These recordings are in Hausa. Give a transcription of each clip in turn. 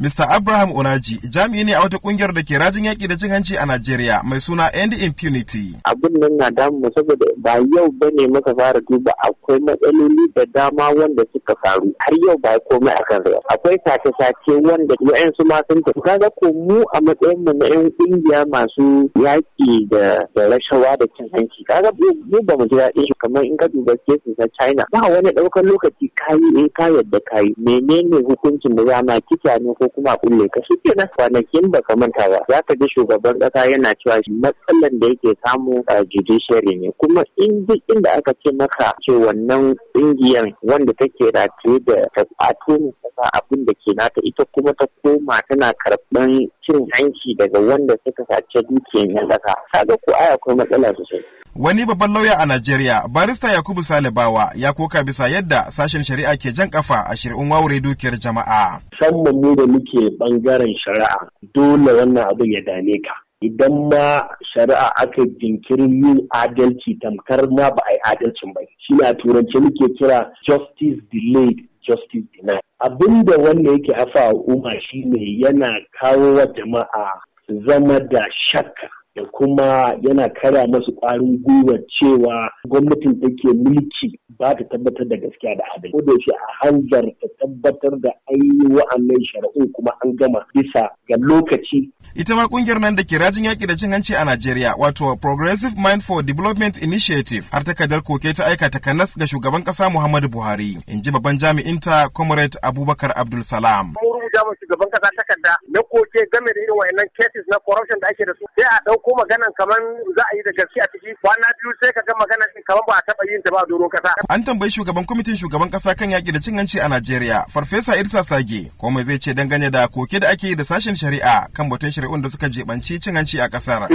Mr. Abraham Unaji jami'i ne a wata kungiyar da ke rajin yaƙi da cin hanci a Najeriya mai suna End Impunity. Abin nan na damu saboda ba yau ba ne muka fara duba akwai matsaloli da dama wanda suka faru har yau ba komai a kan Akwai sace-sace wanda yayan su ma sun tafi. Kaga ko mu a matsayin mu na yan kungiya masu yaƙi da rashawa da cin hanci. Kaga mu ba mu ji daɗin shi kamar in ka duba kesin na China. Ba wani ɗaukar lokaci kayi eh ka yadda kayi menene hukuncin da za ma kisa ne ko kuma kulle ka shi ke kwanakin ba ka manta ba za ka ji shugaban kasa yana cewa matsalan da yake samu a judiciary ne kuma in duk inda aka ce maka ce wannan ƙungiyar wanda take rataye da ne kasa abin da ke nata ita kuma ta koma tana karɓan cin hanci daga wanda suka sace dukiyar yan kasa kaga ko ai akwai matsala sosai Wani babban lauya a Najeriya, barista Yakubu Salibawa ya koka bisa yadda sashen shari'a ke jan kafa a shirin waure dukiyar jama'a. Musamman ne da muke bangaren shari'a dole wannan abin ya dame ka. Idan ma shari'a aka jinkirin yin adalci tamkar ma ba a yi adalcin ba. Shi ne a turance muke kira justice delayed justice denied. Abin da wannan yake afa Umma shine yana kawo wa jama'a zama da shakka da kuma yana kara masu ƙwarin gwiwa cewa gwamnatin take mulki ba ta tabbatar da gaskiya da adalci ko da yaushe a hanzar ta tabbatar da yi wa'annan shari'un kuma an gama bisa ga lokaci ita ma ƙungiyar nan da ke rajin yaƙi da cin hanci a Najeriya wato Progressive Mind for Development Initiative har takardar koke ta aika takanas ga shugaban ƙasa Muhammadu Buhari in ji babban jami'inta Comrade Abubakar Abdul Salam. rubuta ma shugaban kasa takarda na koke game da irin wayannan cases na corruption da ake da su sai a dauko magana kamar za a yi da gaske a ciki kwana biyu sai ka ga magana kamar ba a taba yin ta ba a doron kasa an tambayi shugaban kwamitin shugaban kasa kan yaki da cin hanci a Najeriya farfesa Idrisa Sage komai zai ce dangane da koke da ake yi da sashen shari'a kan batun shari'un da suka jibanci cin hanci a kasar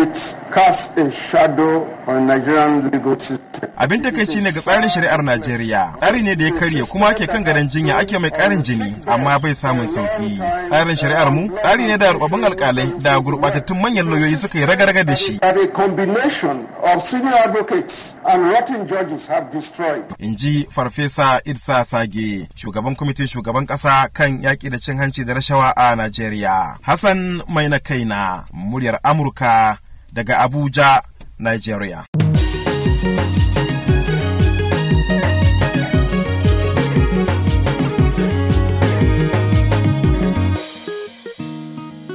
abin takaici ne ga tsarin shari'ar Najeriya tsari ne da ya karye kuma ake kan gadon jinya ake mai karin jini amma bai samun sauki Tsarin shari'ar mu tsari ne da rubabin alkalai da gurbatattun manyan lauyoyi suka yi ragarga da shi. In ji Farfesa Idsa Sage, shugaban kwamitin shugaban ƙasa kan yaƙi da cin hanci da rashawa a Najeriya. Hassan Mai na kaina, muryar Amurka daga Abuja, Najeriya.